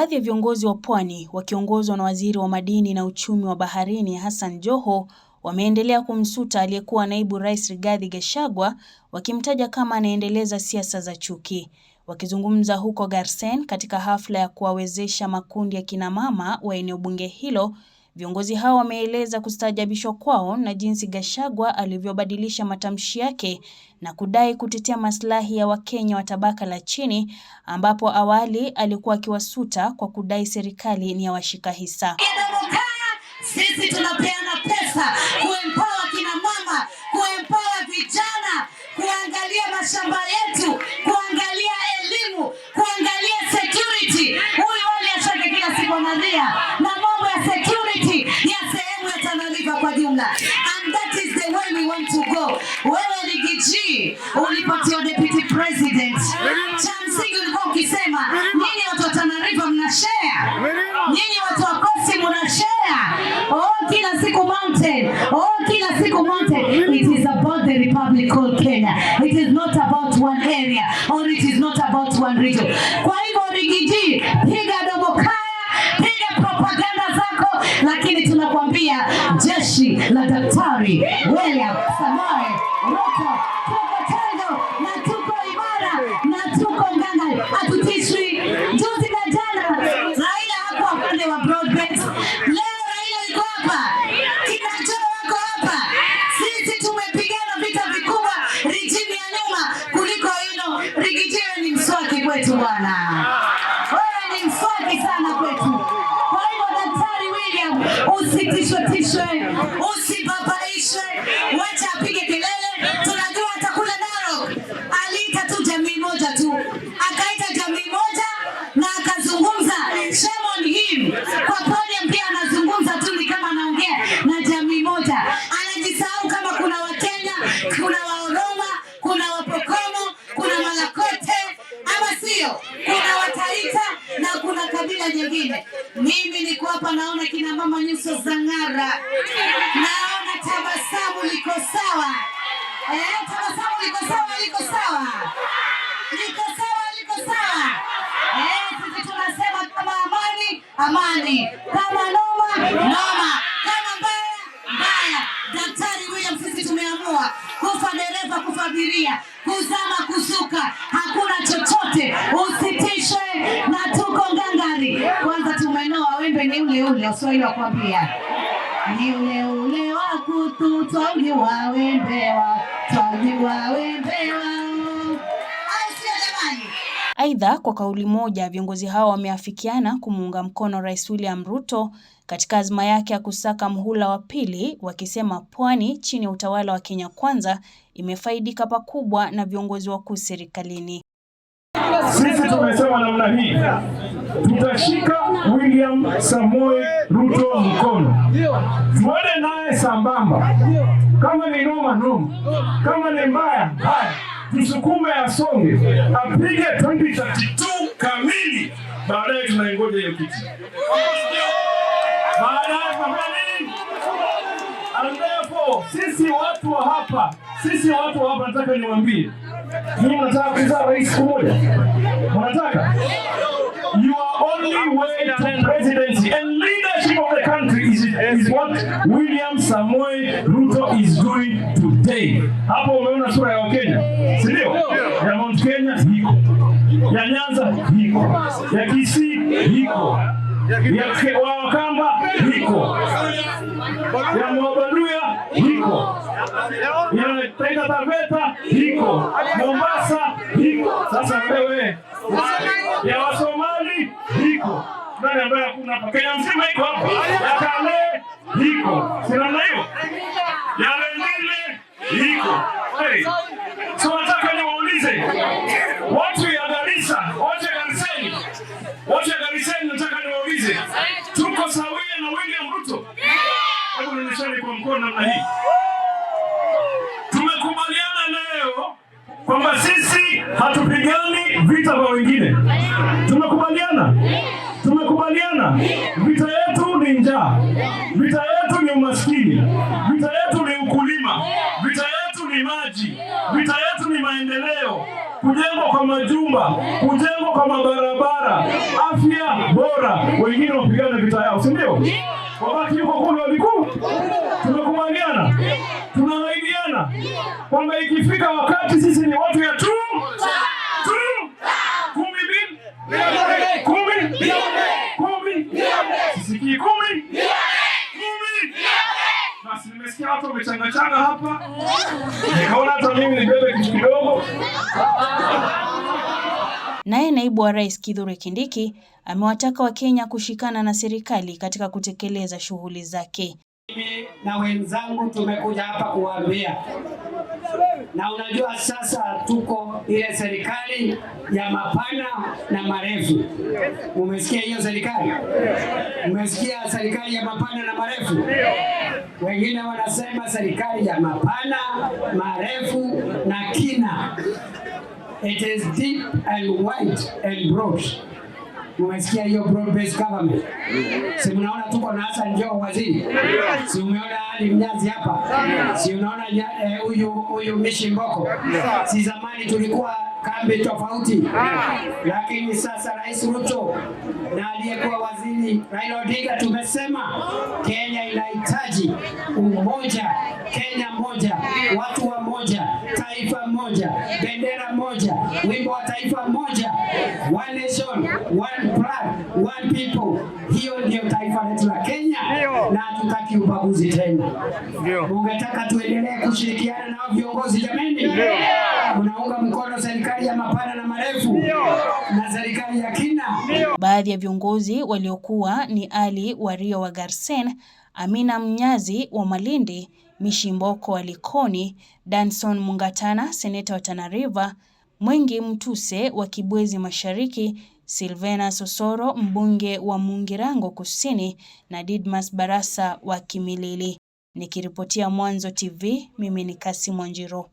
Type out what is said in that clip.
Baadhi ya viongozi wa Pwani wakiongozwa na Waziri wa Madini na Uchumi wa Baharini Hassan Joho wameendelea kumsuta aliyekuwa Naibu Rais Rigathi Gachagua wakimtaja kama anaendeleza siasa za chuki. Wakizungumza huko Garsen katika hafla ya kuwawezesha makundi ya kinamama wa eneo bunge hilo Viongozi hao wameeleza kustaajabishwa kwao na jinsi Gachagua alivyobadilisha matamshi yake na kudai kutetea maslahi ya Wakenya wa tabaka la chini ambapo awali alikuwa akiwasuta kwa kudai serikali ni ya washika hisa. Sisi tunapeana pesa kuempower kina mama, kuempower vijana, kuangalia mashamba yetu, kuangalia elimu, kuangalia security. Huyu wali ashake kila siku analia. Kwa hivyo Rigidi, piga domo kaya, piga propaganda zako, lakini tunakwambia jeshi la Daktari wewe 做呢。hapa naona kina mama nyuso zang'ara, naona tabasamu liko sawa. Eh, tabasamu liko sawa, liko sawa, liko sawa, liko sawa. Eh, sisi tunasema kama amani, amani, kama noma, noma, kama mbaya, mbaya. Daktari William, sisi tumeamua kufa dereva, kufa abiria Waswahili wakwambia ni ule ule wa kutu twagi wawembewa twagi wawembewa. Aidha, kwa kauli moja viongozi hao wameafikiana kumuunga mkono Rais William Ruto katika azma yake ya kusaka mhula wa pili, wakisema Pwani chini ya utawala wa Kenya Kwanza imefaidika pakubwa na viongozi wakuu serikalini. Sisi tumesema namna hii tutashika William Samoei Ruto mkono, tuende naye sambamba. Kama ni noma noma, kama ni mbaya mbaya, tusukume asonge, apige 2032 kamili. Baadaye tunaingoja hiyo kitu Andefo, sisi watu wa hapa, sisi watu wa hapa, nataka niwaambie, ninyi mnataka kuzaa rais mmoja, mnataka Your only way to presidency and leadership of the country is, is what William Samoei Ruto is doing today. Hapo umeona sura ya Kenya, si ndio? Ya Mount Kenya hiko, ya Nyanza hiko, ya Kisii hiko, ya Wakamba hiko, ya Mwabaluya hiko ya Taita Taveta hiko, Mombasa hiko. Sasa wewe ya Wasomali iko nani ambaye hakuna hapa Kenya mzima iko hapo, Katale iko sinana hiyo Yalendile iko hey. So nataka niwaulize watu ya Garissa, watu ya Garisani, watu ya Garisani, nataka niwaulize tuko sawia na William Ruto? Hebu nishani kwa mkono namna hii, tumekubaliana leo kwamba Vita yetu ni njaa, vita yetu ni umaskini, vita yetu ni ukulima, vita yetu ni maji, vita yetu ni maendeleo, kujengwa kwa majumba, kujengwa kwa mabarabara, afya bora. Wengine wapigana vita yao, si ndio? Wabaki yuko kule walikuu. Tumekubaliana, tunaahidiana kwamba ikifika wakati sisi ni watu ya chuu kidogo hapa, nikaona hata mimi nibebe kitu kidogo. Naye naibu wa rais Kithure Kindiki amewataka Wakenya kushikana na serikali katika kutekeleza shughuli zake. Mimi na wenzangu tumekuja hapa kuambia, na unajua sasa tuko ile serikali ya mapana na marefu. Umesikia hiyo serikali? Umesikia serikali ya mapana na marefu? Wengine wanasema serikali ya mapana, marefu na kina. It is deep and wide and broad. Umesikia hiyo progress government? Si mnaona tuko na Hassan Joho waziri, si umeona ali mnyazi hapa, si unaona eh, huyu huyu Mishi Mboko, si zamani tulikuwa kambi tofauti, lakini sasa Rais Ruto na aliyekuwa waziri Raila Odinga tumesema Kenya inahitaji umoja, Kenya moja, watu wa moja, taifa moja, bendera moja, wimbo wa hatutaki ubaguzi tena. Ungetaka tuendelee kushirikiana na viongozi Ndio. Mnaunga mkono serikali ya mapana na marefu na serikali ya kina? Baadhi ya viongozi waliokuwa ni Ali Wario wa Garsen, Amina Mnyazi wa Malindi, Mishimboko wa Likoni, Danson Mungatana seneta wa Tana River, Mwengi Mtuse wa Kibwezi Mashariki Silvena Sosoro mbunge wa Mungirango Kusini na Didmas Barasa wa Kimilili. Nikiripotia Mwanzo TV, mimi ni Kassim Wanjiru.